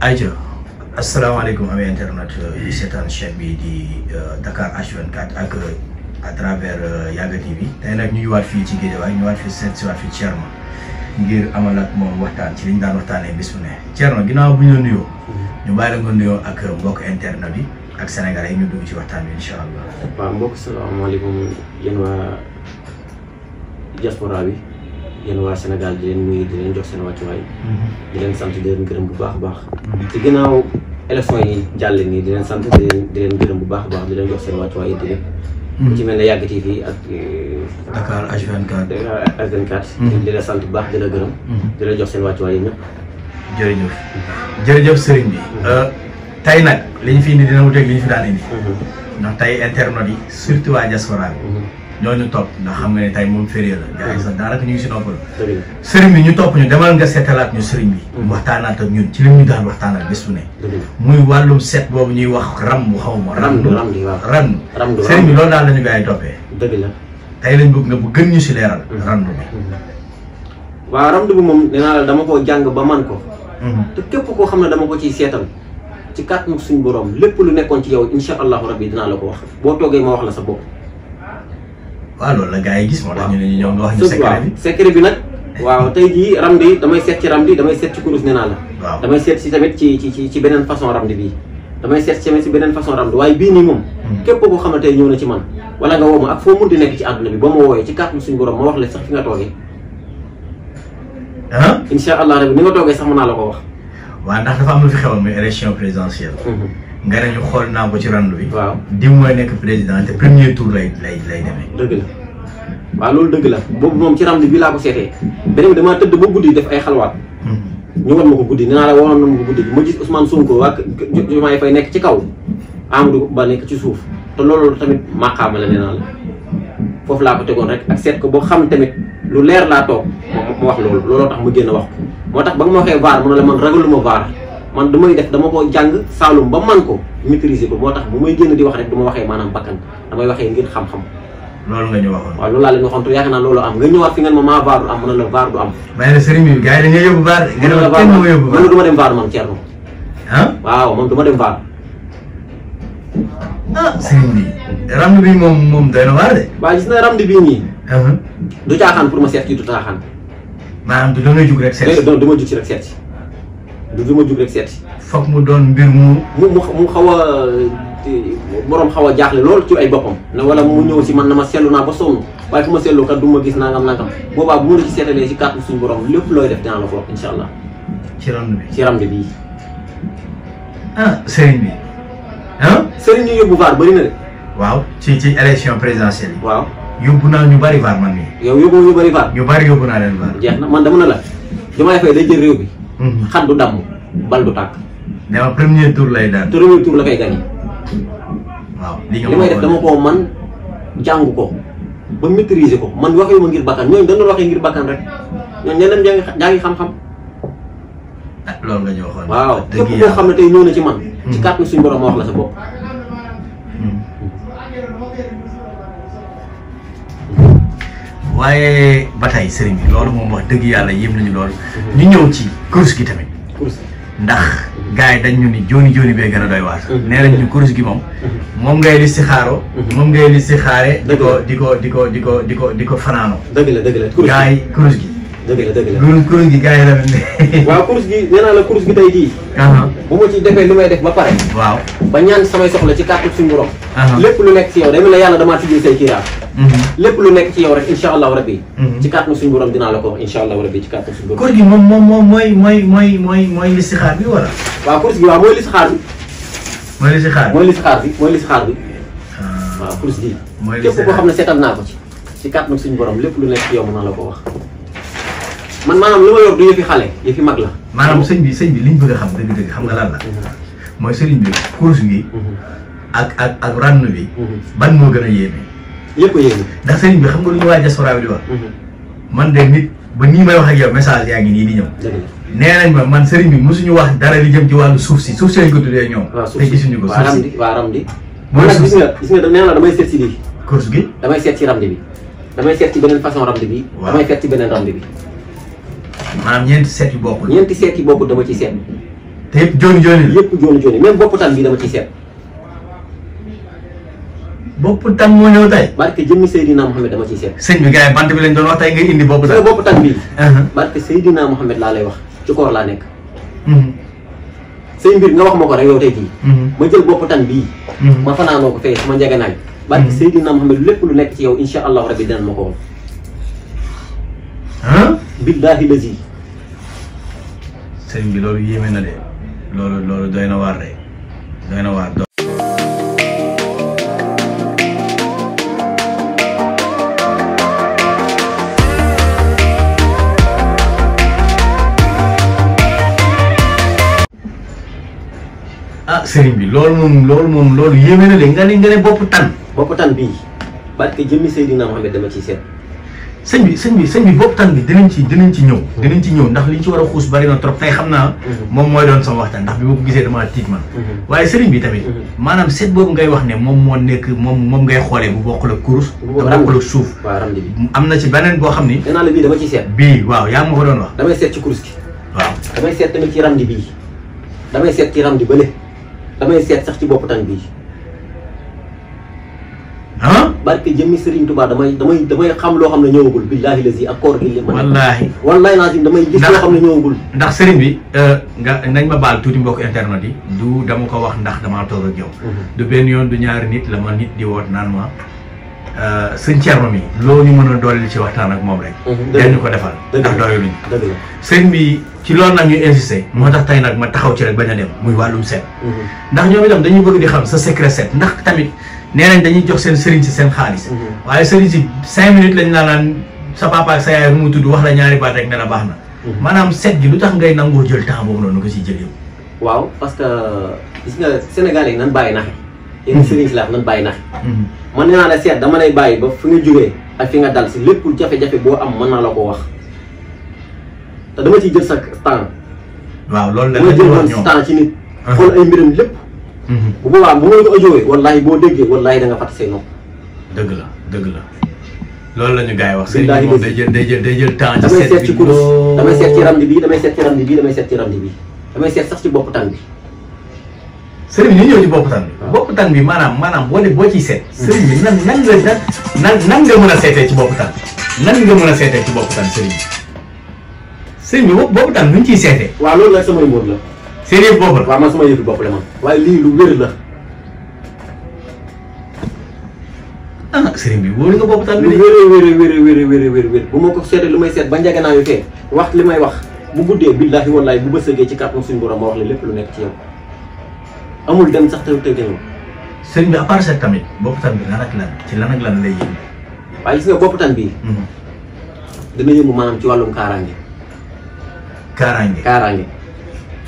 ayca asalaamaaleykum amee internet yu seetaan chaîne bi di euh, Dakar H24 ak à travers euh, Yaga TV tey nag ñu ñëwaat fii ci Guédiawaye ñu ñëwaat fii seet si waat fii Thierno ngir ama ak moom waxtaan ci li ñu daan waxtaanee bis bu ne Thierno ginnaaw bi ñu la nuyoo. ñu bàyyi la nga nuyoo ak mbokk internet bi ak Sénégalais yi ñu dugg ci waxtaan bi incha allah. waaw mbokk salaamaaleykum yéen waa bi. yéen waa Sénégal di leen nuyu di leen jox seen wàccuwaay mm-hmm. di leen sant di leen gërëm bu baax a baax mm-hmm. ci ginnaaw élection yi jàll nii di leen sant di leen gërëm bu baax a baax di leen jox seen wàccuwaay di leen mm-hmm. ci mel ne Yàgg TV ak euh, Dakar H24 di la sant bu baax di la gërëm di la jox seen wàccuwaay yi ñëpp jërëjëf jërëjëf sëriñ bi euh, tey nag li ñu fi indi li ñu fi daan indi ndax tey internet yi surtout waa diaspora ñoñu top ndax xam nga ni tay mom férié la gaay sa dara daanaka ñu ci si sëriñ bi ñu top ñu demal nga sétalat ñu sëriñ bi mm-hmm. waxtanaat ak ñun ci limu daan waxtaanal bés bu ne muy wàllum seet bobu ñuy wax ram bu xaw ma ram ram sëriñ bi loolu daal lañu gaay topé deug la tay lañ bëgg nga bu gën ñu ci léral ram bi mm-hmm. wa ram bi mom dina la dama ko jang ba man ko mm-hmm. te képp ko xamne dama ko ci sétal ci kàttanu suñu borom lepp lu nekkon ci yow inshallah rabbi dina la ko wax bo toogee ma wax la sa bokk waaw ah, loolu la gars yi gis. moo tax ñu ne ñu wax ñu secret bi secret bi nag. waaw tey jii ramdi damay seet ci ramdi damay seet ci kurus nee naa waaw damay seet ci tamit ci ci ci beneen façon ramdi bii. damay seet ci tamit beneen façon ramdi waaye bii nii moom. Hmm. képp koo xam ne tey ñëw na ci man. wala nga woo ma ak foo mun di nekk ci àdduna bi ba ma wooyee ci kàttan suñu borom ma wax la sax fi nga toogee. ah. incha allah rabi ni nga toogee sax mën naa la ko wax. waaw ndax dafa am lu fi xewoon muy élection présidentielle. Hmm, hmm. nga ne xool naa ko ci rand bi. waaw diw mooy président te premier tour lay lay dëgg la waaw loolu dëgg la boobu moom ci rand bi laa ko seetee. beneen bi damaa tëdd ba def ay xalwaat. Hmm. ñu wan ko guddi nee naa la waroon na ma ko guddi ma gis Ousmane nekk ci kaw Amadou Ba nekk ci suuf te loolu tamit maqaama la nee naa foofu laa ko tegoon rek ak seet ko boo xam tamit lu leer laa toog ma wax loolu looloo tax mu génn wax ko moo tax ba nga ma waxee vaar mu ne la man ragaluma vaar. man damay def dama ko jang salum ba man ko maîtriser ko motax bu may genn di wax rek duma waxe manam bakkan damay waxe ngir xam-xam lolou nga ñu waxon wa lolou la leen waxoon te yaakaar lolou am nga ñëwaat fi ngeen ma maa vaar am na la vaar du am may na serigne bi gaay da dañuy yóbbu vaar nga ne kenn mo yóbbu man duma dem vaar man Thierno ah waaw man duma dem vaar ah, serigne ram bi mom mom moom moom doy na waar de ba gis na ramd bii nii du caaxaan pour ma sét ci du taxan manam du do ngay juk rek sét du ma juk ci rek sét ci du du ma jug rek seeti. foog mu doon mbir mu. mu mu xaw a borom xaw a jaaxle lool ci ay boppam. ne wala mu ñëw si man na ma seetlu naa ba sonn waaye fu ma seetloo kat du ma gis nangam nangam boobaa bu ma la ci seetalee si kàttu suñu borom lépp looy def dinaa la foog incha allah. ci rand bi ci rand bi. ah sëriñ bi ah. sëriñ yi yóbbu vaar bëri de. waaw ci ci élection présidentielle waaw yóbbu naa ñu bari vaar man nii. yow yóbbu ñu bëri vaar. ñu bëri yóbbu naa leen vaar. jeex na man dama na Mm-hmm. xat du damm bal du tàkk. ne ma premier tour lay daal premier tour la koy gagné. li may def dama koo man jàng ko ba maîtriser ko man waxee ma ngir bakkan ñooñu dañu waxee ngir bakkan rek ñooñu ñeneen jaa ngi jaa xam-xam. ah loolu nga ñu waxoon. waaw képp koo xam ne tey ñëw na ci man. ci mm-hmm. kàttan suñu borom ma wax la sa bopp. waaye ba tey sëriñ bi loolu moom wax dëgg yàlla yéem nañu lool ñu ñëw ci kurus gi tamit ndax gars yi dañ ñu ni jooni jooni bee gën a doy waar mm-hmm. nee nañ ñu kurus gi moom mm-hmm. moom ngay li si xaaro mm-hmm. moom ngay li xaare di ko di ko di ko di ko di ko di ko fanaanoo dëgg la dëgg la gars yi kurus gi dëgg la dëgg la loolu course gi gars yi la waaw course gi nee naa la course gi tey jii. Uh-huh. bu ma ci defee lu may def ba pare. waaw ba ñaan samay soxla ci kàttu suñu borom. Uh-huh. lépp lu nekk ci yow day mel ne yàlla damaa tijji say kiiraay. Mm-hmm. lépp lu nekk ci yow rek incha allahu rabbi. Mm-hmm. ci kàttu suñu borom dinaa la ko wax incha allahu rabbi ci kàttu suñu borom. course gi moom moom moom mooy mooy mooy mooy mooy listixaar bi wala. waaw course gi waaw mooy listixaar bi. mooy listixaar bi mooy listixaar bi mooy listixaar bi. Ah. waaw course gi. mooy listixaar képp koo xam ne seetal naa ko ci ci kàttu suñu borom lépp lu nekk ci yow mën naa la ko wax man maanaam li ma yor du yëfi xale yëfi mag la. maanaam sëñ bi sëñ bi liñ bëgg a xam dëgg-dëgg xam nga lan la. Mm-hmm. mooy sëriñ bi course bi. Mm-hmm. ak ak ak rànn bi. Mm-hmm. ban moo gën a yéeme. yëpp yéeme ndax sëriñ xam nga lu ñu waa diaspora man de nit ba nii may wax ak yow yaa ngi nii di nee nañ ma man sëriñ bi mosuñu wax dara li jëm ci wàllu suuf si suuf si lañ ko ñoom. waaw suuf si te gisuñu ko suuf si waaw ramdi mooy suuf si gis damay seet si lii. gi damay seet si ramdi bi damay seet ci beneen façon ramdi bi. waaw damay seet ci beneen ramdi bi maanaam ñeenti seet yu bokkul. ñeenti seet yu bokkul dama ci seet. te yëpp jooni jooni yëpp jooni jooni même bopp tam bi dama ci seet. bopp tam moo ñëw tey. barke jëmmi Seydina Mohamed dama ci seet. sëñ bi gars yi bant bi lañ doon wax tey nga indi bopp tam. bopp tam bi. Uh-huh. barke Seydina Mohamed laa lay wax ci koor laa nekk. Uh-huh. say mbir nga wax ma ko rek yow tey jii. Uh-huh. ma jël bopp tan bii. ma fanaanoo ko fee sama njëganaay. barke Seydina Mohamed lépp lu nekk ci yow incha allahu rabi dinañ ma ko billaahi lazi sëriñ bi loolu yéeme na de loolu loolu doy na waar de doy na waar. ah sëriñ bi loolu moom loolu moom loolu yéeme na de nga ne nga ne bopp tan. bopp tan bii barke jëmmi Seydina Mohamed dama ciy seet. sëñ bi sëñ bi sëñ bi boobu tan bi dinañ ci dinañ ci ñëw mm-hmm. dinañ ci ñëw ndax ñu ci war a xuus bari na trop tey xam naa mm-hmm. moom mooy doon sama waxtaan ndax bi ma ko gisee damaa tiit man mm-hmm. waaye sëriñ bi tamit maanaam seet boobu ngay wax ne moom moo nekk moom moom ngay xoolee bu bokkul ak kurus te bokkul ak suuf am na ci beneen boo xam ni danaa la bii dama ciy seet bii waaw yaa ma ko doon wax damay seet ci kurus gi waaw damay seet tamit ci randi bii damay seet ci randi bële seet sax ci bopp tan bii barke jëmmi Serigne Touba damay damay damay xam loo xam ne ñëwagul billaahi lazi ak koor gi li ma wallaahi wallaahi lazim damay gis loo xam ne ñëwagul ndax Serigne euh, nga nañ ma baal tuuti mbokk internet yi du dama ko wax ndax damaa toog ak yow mhm. du yoon du ñaari nit la ma nit naan ma euh, sëñ Thierno mi loo ñu mën a dolli ci waxtaan ak moom rek mhm, ñu ko defal ndax doyul luñu bi ci lool nag ñu insisté moo tax tey nag ma taxaw ci rek bañ a dem muy wàllum seet mhm. ndax ñoom itam dañuy bëgg di xam sa secret seet ndax tamit nenañ dañuy jox seen serigne ci seen xaalis mhm. waye serigne ci 5 minutes lañ naan sa papa ak sa yaay mu tuddu wax la ñaari baat rek ne baxna manam mhm. set gi lutax ngay nangoo jël temps bobu nonu ko ci jël yow waaw parce que gis nga sénégal yi nan bàyyi naxe yéen mhm. serigne si laax nan baye nax man nee naa la seet dama lay baye ba fu nga jógee ak fi nga dal lepp lu jafé jafé bo am man na la ko wax ta dama ci jël sa temps waaw loolu la jël sa temps ci nit uh-huh. xol ay mbirum lepp bu boba bu ma ko audio wallahi bo déggé wallahi da nga fat say nok dëgg la dëgg la loolu lañu ñu wax. sëñ bi day jël day jël day jël temps. ci sét bi dama sét ci kurus damay seet ci rànd bi dama sét ci ramdi bi dama sét ci ramdi bi dama sét sax ci bop tan bi. sëriñ bi ñu ñëw ci bop tan bop tan bi manam manam bo li bo ci sét sëriñ nan nan nga nan nan nga mëna sété ci bop tan nan nga mëna sété ci bop tan sëriñ bi bop tan ñu ci sété wa loolu la samay mbóot la seen bopp la waaw man sama yëfi bopp la man waaye lii lu wér la. ah sëriñ bi wóor nga bopp tamit. lu wér wér wér wér wér wér bu ma ko seetee lu may seet ba njaganaayu fee wax li may wax bu guddee billaahi wallaahi bu bësëgee ci kàttan suñu borom ma wax la lépp lu nekk ci yow amul dem sax te te gënu. sëriñ bi à part tamit bopp tan bi lan ak lan ci lan ak lan lay yëngu. waaye gis nga bopp tan bii. Mhm. dana yëngu maanaam ci wàllum kaaraange.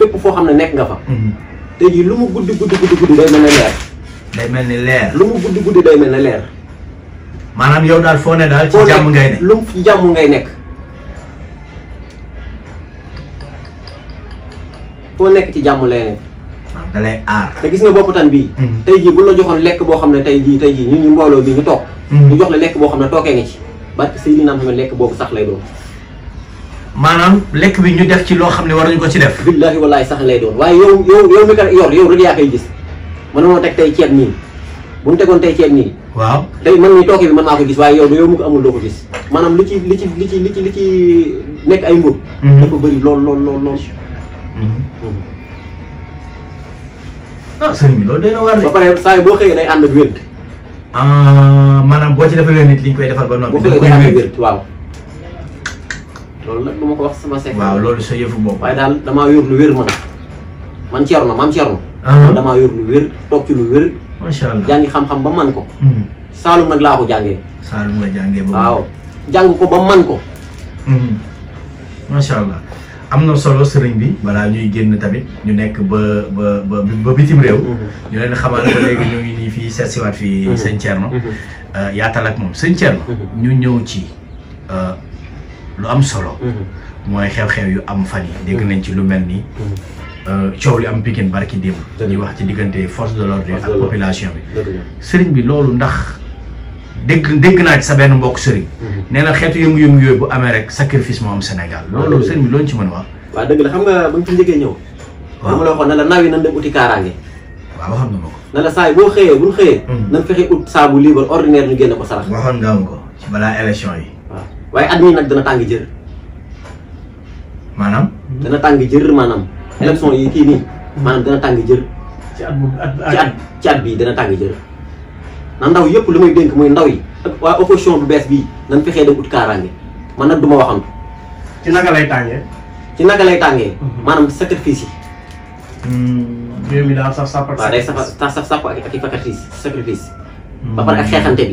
fépp foo xam ne nekk nga fa. Mhm. tey jii lu mu guddi guddi guddi guddi day mel ne leer. day mel ni leer. lu mu guddi guddi day mel ne leer. maanaam yow daal foo ne daal. ci jàmm ngay ne lu ci jàmm ngay nekk. foo nekk ci jàmm lay nekk. da lay aar. te gis nga bopp tan bii. Mhm. tey jii bu la joxoon lekk boo xam ne tey jii tey jii ñu ñu mbooloo bi ñu toog. Mhm. ñu jox la lekk boo xam ne tookee nga ci. barke Seydina Muhammad lekk boobu sax lay doon. maanaam lekk bi ñu def ci loo xam ne war nañu ko ci def. billaahi wallaahi sax lay doon waaye yow yow yow mi ko yor yow rek yaa koy gis mën noo teg tey ceeb nii bu mu tegoon tey ceeb nii. waaw day man mii tooke bi mën naa ko waaye yow yow ko amul doo ko gis maanaam li ci li ci li ci li ci li ci nekk ay mbóot. Mhm. dafa bëri lool lool lool lool. Mhm. ah sëriñ bi loolu day na war ba pare saa yi boo xëyee day ànd ak wér. Ah, maanaam boo ci defee wér nit li ñu koy ba noppi. boo xëyee day waaw. loolu nag lu ma ko wax sama secret. waaw loolu sa yëfu bopp. waaye daal damaa yor lu wér man man Thierno maam Thierno. man ah. damaa yor lu wér toog ci lu wér. macha allah jàngi xam-xam ba man ko. Hmm. Saalum nag laa ko jàngee. Saalum nga jàngee ko ba man ko. Hmm. allah am na solo sëriñ bi balaa ñuy génn tamit ñu nekk ba ba ba bitim réew. Hmm. ñu leen xamal ba ñu ngi nii fii seet siwaat fii sëñ Thierno. Euh, yaatal ak moom sëñ Thierno. ñu ñëw ci. Euh, lu am solo. Mm-hmm. mooy xew-xew yu am fan yi dégg nañ ci lu mel ni. Mm-hmm. coow li am Pikine barki démb. ñuy wax ci diggante force de l'ordre ak population bi. sëriñ bi loolu ndax dégg dégg naa ci sa benn mbokk sëriñ. Mm-hmm. nee na xeetu yëngu-yëngu yooyu bu amee rek sacrifice moo am Sénégal loolu sëriñ bi loolu ci mën wax. waaw dëgg la xam nga ba mu ci njëkkee ñëw. waaw dama la waxoon ne la naaw yi nañ dem uti kaaraange. waaw waxoon nga ma ko. ne la saa yi boo xëyee bu ñu xëyee. Mm. nañ fexe ut saabu yi waaye at nak nag dana tàng jër. maanaam. dana tàng jër maanaam. élection yi kii nii. maanaam dana tàng jër. ci at ci at ci at bii dana tàng jër. na ndaw yëpp li may dénk bu bees bii nañ fexee dem ut kaaraange man nag du ma waxantu. ci naka lay tàngee. ci naka lay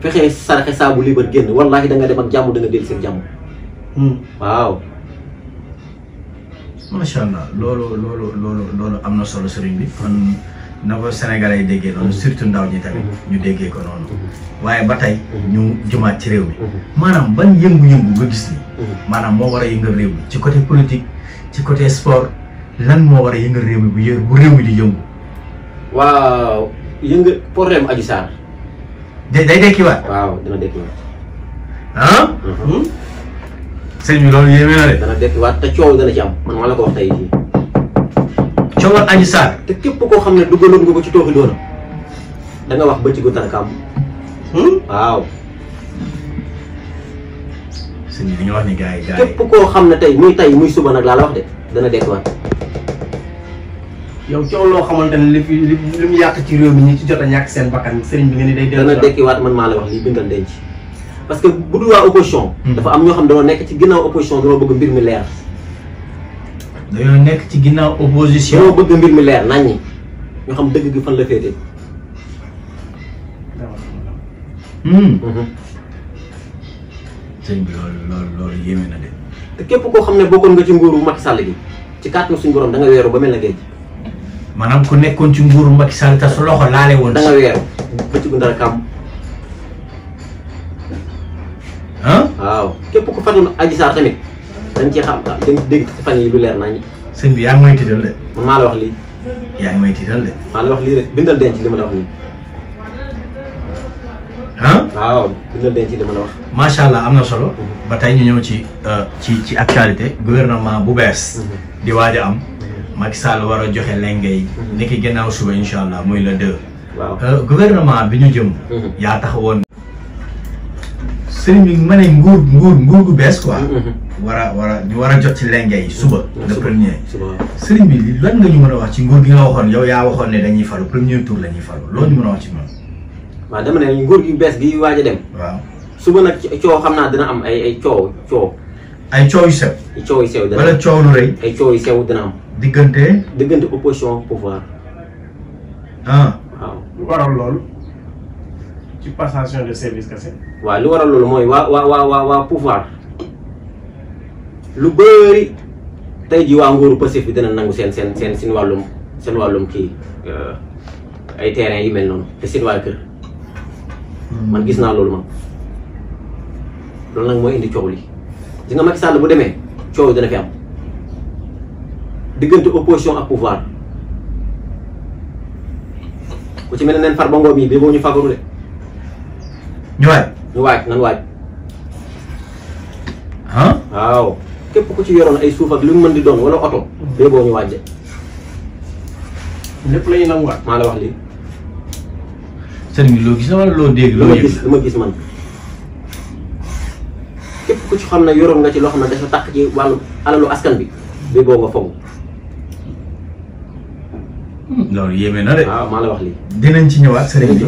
fexee saraxe saabu liibar génn wallaahi da nga dem ak jàmm da nga dellu seen jàmm. Hmm. waaw. macha allah loolu loolu loolu loolu am na solo sëriñ bi kon na ko sénégalais yi déggee noonu hmm. surtout ndaw ñi tamit hmm. ñu déggee ko noonu waaye ba tey ñu jumaat ci réew mi maanaam ban yëngu-yëngu nga gis ni maanaam moo war a yëngal réew mi ci côté politique ci côté sport lan moo war a yëngal réew mi bu yë bu réew mi di yëngu waaw yëngal problème Adji Sarr day dekkiwaat. waaw dina waaw dana uh-huh. hmm? sëñ bi loolu yéeme na de. dana dekkiwaat te coow dana ci am man maa la wax tey jii. coowal Adji Sarr. te képp koo xam ne dugaloon nga ko ci tooxi doona da nga wax ba ci hmm? waaw. sëñ bi ñu wax ni gars yi koo xam ne tey muy tey muy suba nag laa la wax de dana dekkiwaat. yow coow loo xamante ne li fi li mu yàq ci réew mi ñi ci jot a ñàkk seen bakkan sëriñ bi nga ni day dana dekkiwaat man maa la wax lii bindal denc parce que bu dul waa opposition hmm. dafa am ñoo xam dañoo nekk ci ginnaaw opposition dañoo bëgg mbir mi leer dañoo nekk ci ginnaaw opposition dañoo bëgg mbir leer naññi ñoo xam dëgg gi fan la féete hmm. mhm. bi loolu loolu loolu na de te képp koo xam ne bokkoon nga ci nguuru Macky Sall gi ci kàttanu suñu borom da nga weeru ba mel na géej manam ku nekkon ci nguru Macky Sall ta su loxo lalé won da nga ko ci gundal kam. ah. waaw képp ko fàttali aji sar tamit dañ ci xam dañ dégg ci fan yi lu leer nañ sëñ bi yaa ngi may tiital de. man maa la wax li yaa ngi may tiital de. la wax li rek bindal denc li ma la wax ni ah. waaw bindal denc li ma la wax. sha allah amna solo. Mhm. ba tey ñu ñëw ci euh, ci ci actualité gouvernement bu bees. Mhm. di waja am. Macky Sall war a joxe lenge yi. Mhm. ni ki gannaaw suba incha allah muy le deux. waaw euh, gouvernement bi ñu jëm. Mhm. yaa tax woon. sëriñ bi ma ne nguur nguur nguur gu bees quoi. Mhm. war a war a war a jox ci lenge yi suba. le premier bi lan nga ñu mën a wax ci nguur gi nga yow yaa waxoon ne dañuy falu premier tour la ñuy falu loolu ñu mën a wax ci moom. waaw dama ne nguur gi bees bi waaj a dem. waaw suba nag coow xam naa dina am ay ay coow coow. ay coow yu sew. ay coow yu sew dina lu rëy. ay coow yu sew dina am. digënté digënté opposition pouvoir. ah. lu waral loolu ci passation de service kasse wa lu waral loolu mooy wa wa wa wa pouvoir lu beuri tay ji wa nguru Pastef bi dina nangu sen sen seen walum sen walum ki euh eh, ay terrain yi mel non te seen waa kër. Hmm. man gis naa loolu man loolu indi li. bu dina fi am diggante opposition ak pouvoir ko ci mel neen far bongo mi bi bo ñu fagaru de ñu waaj ñu waaj nan waaj han aw képp ku ci yoron ay suuf ak lu mën di doon wala auto bi bo ñu waajé lepp lañu ñuy waat maa la wax li sëriñ bi loo gis na wala loo dégg lo yëg dama gis man képp ku ci xam ne yoroon nga ci lo xam ne dafa tak ci walu alalu askan bi bi bo nga fogg loolu yéeme na de. waaw ah, maa la wax lii. dinañ ci ñëwaat sëriñ bi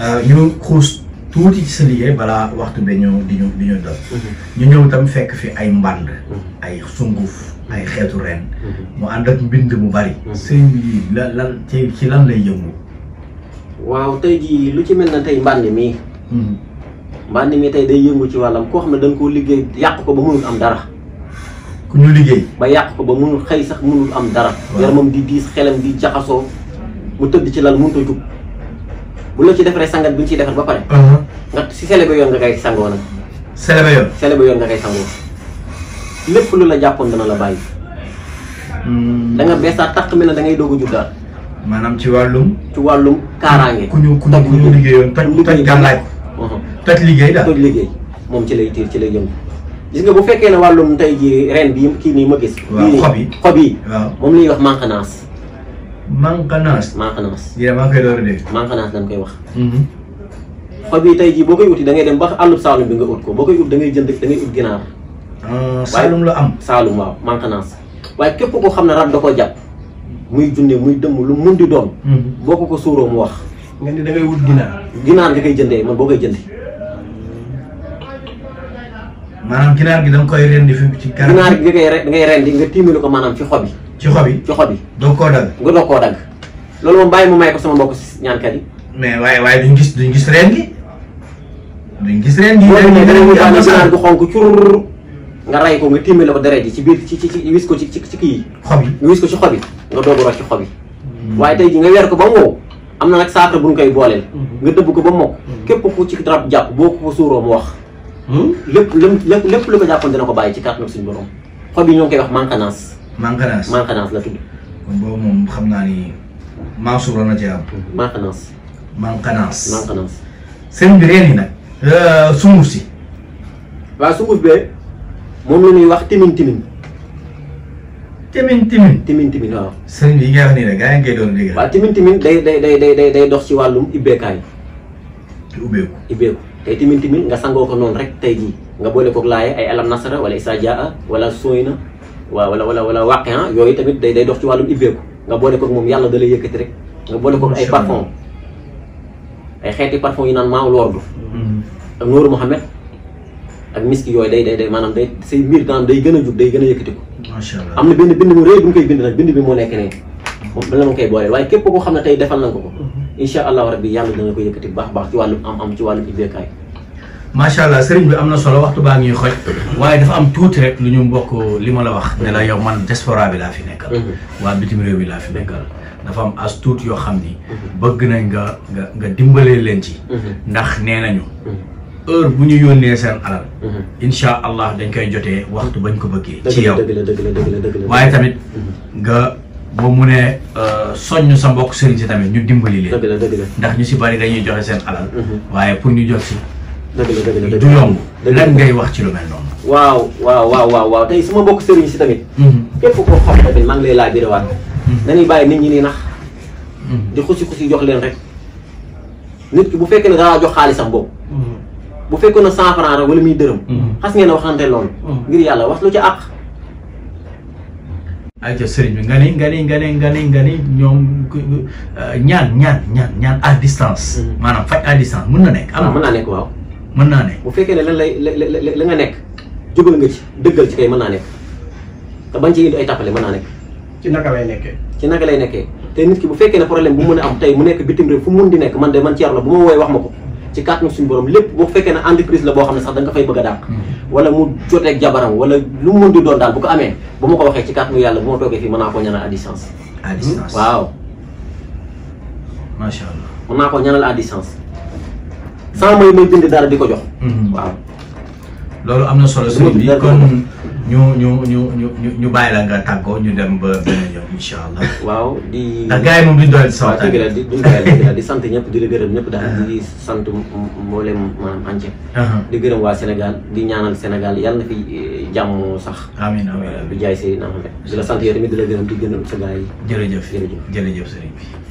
euh, ñu xuus tuuti ci sa liggéey balaa waxtu bi ñu di ñu di ñu dal. Mhm. ñu ñëw itam fekk fi ay mbànd. Mhm. ay sunguf mhm. ay xeetu ren. mu ànd ak mbind mu bari. sëriñ la lan ci lan lay yëngu. waaw tey jii lu ci mel na tey mbànd mii. mbànd mi tey day yëngu ci wàllam koo xam ne da koo liggéey yàq ko ba mënul am dara. ku ñu liggéey ba yàq ko ba mënul xëy sax mënul am dara yaramam di diis xelam di jaxasoo mu tëdd ci lal mënut a bu la ci defaree sangat bu ñu ciy ba pare uh-huh. nga si sele ba yoon nga ba yoon ba yoon nga lu la dana la bàyyi hmm. da nga beesaat tàq mi da ngay doog a juddaat maanaam ci wàllum ci wàllum kaaraange ku ñu ku ñu liggéeyoon toj toj liggéey uh-huh. liggéey ci lay ci lay yëngu gis nga bu fekkee na wàllum tey jii bi kii nii ma gis. waaw xob yi xob yi. moom la ñuy wax manquenance. manquenance. manquenance. yéen maa ngi koy door koy wax. Mhm. xob yi tey jii boo koy uti da ngay dem ba àllub saalum bi nga ut ko boo koy ut da ngay jënd da ut ginaar. Ah, saalum lu am saalum waaw manquenance. waaye képp ko xam ne rab da ko jàpp muy junne muy dëmm lu mun di doon. Mhm. boo ko ko suuroo mu wax. nga ni da ngay wut ginaar. ginaar nga koy jëndee man boo koy jëndee. maanaam ginaar gi dang koy rendi fi ci garab ginaar gi ngay ngay rendi nga timilu ko manam ci xobi ci xobi ci xobi do ko dag nga do ko dag lolu moom bàyyi mu may ko sama mbokk kat yi mais way way duñ gis duñ gis rendi gi duñ gis reen gi ginaar gu xonk curr nga ray ko nga timilu ko deret ji ci biir ci ci wis ko ci ci ci ki xobi nga wis ko ci xobi yi nga do rocc ci xobi yi hmm. tay tey ji nga wer ko ba mo amna nak saata buñ koy bolel hmm. nga dëbb ko ba mokk hmm. kep ku ci trap japp boko ko suro suuroo mu wax Hmm? lépp lépp lépp lu ko jàppoon dina ko bàyyi ci kàttan suñu borom xob yi ñoo ngi koy wax mancanance. mancanance mancanance la tudd. kon boobu moom xam naa ni Mansour la na cee am. mancanance. mancanance mancanance. seen bi reen yi nag. Euh, sunguf si. waaw sunguf bee moom la ñuy wax timin timin. timin timin timin timin waaw. sëñ bi yi nga wax nii rek gaa ngi koy doon dégg. waaw timin timin day day day day day dox ci wàllum ibbeekaay. ci ubbeeku ibbeeku. te timin timin nga sangoo ko noonu rek tey jii nga boole koog laaye ay alam nasara wala isa jaa wala sooyna waaw wala wala wala waqean ah. yooyu tamit day day dox ci wàllum ibbeeku nga boole koog moom yàlla da lay yëkkati rek nga boole koog ay parfum ay xeeti parfum yi naan maaw lordu mm-hmm. ak Nour Mohamed ak miski yooyu day day day maanaam day say mbir daan day gën a jug day gën a yëkkati ko macha allah am na benn bind mu bind bi moo nekk nii moom la ma koy booleel waaye képp koo xam ne tey defal nañ ko mm-hmm. incha allahu rabbi yàlla dana ko yëkkati baax baax ci wàllum am-am ci wàllum ibbeekaay. macha allah bi am na solo waxtu baa ngi waaye dafa am tuuti rek lu ñu mbokk li ma la wax. ne la yow man diaspora bi laa fi nekkal. Mhm. waa bitim réew bi laa fi nekkal. dafa am as tuut yoo xam ni. Mhm. bëgg nañ nga nga nga leen ci. Mhm. ndax nee nañu. heure bu ñu yónnee seen alal. incha allah dañ koy jotee waxtu bañ ko bëggee. ci yow waaye tamit nga. boo mu ne euh, soññ sa mbokk sëriñ si tamit ñu dimbali leen. ndax ñu si bari dañuy joxe seen alal. Mhm. waaye pour ñu jot si. dëgg la du yomb lan ngay wax ci lu mel noonu. waaw waaw waaw waaw waaw tey suma mbokk sëriñ si tamit. Mhm. képp koo xam tamit maa ngi lay laaj mhm. bàyyi nit ñi ni nax. di xusi xusi jox leen rek. nit ki bu fekkee na da jox xaalisam boobu. bu fekkoon ne cent franc rek wala muy dërëm. xas ngeen a waxante ngir yàlla wax lu ci àq. ayca sëriñ bi nga ni nga ni nga ni nga ni nga ni ñoom euh, ñaan ñaan ñaan ñaan à distance. Mm-hmm. maanaam faj à distance mën na nekk. am ah, mun naa nekk waaw. mën naa nekk bu fekkee ne lan lay la nga nekk. jubal nga ci dëggal ci kay mën naa nekk te bañ ay tàppale mën naa nekk. ci naka lay nekkee. ci naka lay nekkee te nit ki bu fekkee ne problème bu mën am tey mu nekk bitim réew fu mu di nekk man de man Thierno bu ma woowee wax ma ko. ci kàttanu suñu borom lépp boo fekkee ne entreprise la boo xam ne sax da fay bëgg a dàq hmm. wala mu joteeg jabaram wala lu mu mën di doon daal bu ko amee bu ma ko waxee ci kàttanu yàlla bu ma toogee fii mën naa koo ñaanal à distance à distance hmm? waaw allah mën naa koo ñaanal à distance sans mooy may bind dara di ko jox hmm. waaw loolu am na solo sëriñ bi kon ñu ñu ñu ñu ñu bàyyi la nga tàggoo ñu dem ba beneen yoon incha allah. waaw di ndax gars moom duñ doon sant. waaw di sant ñëpp di la gërëm ñëpp daal di uh-huh. sant mboolem maanaam entier. Uh-huh. di gërëm waa Sénégal di ñaanal Sénégal yàlla na fi eh, jàmm sax. amiin amiin di jaay si naam di la sant yow tamit di la gërëm di gërëm sa gars yi. jërëjëf jërëjëf jërëjëf sëriñ bi.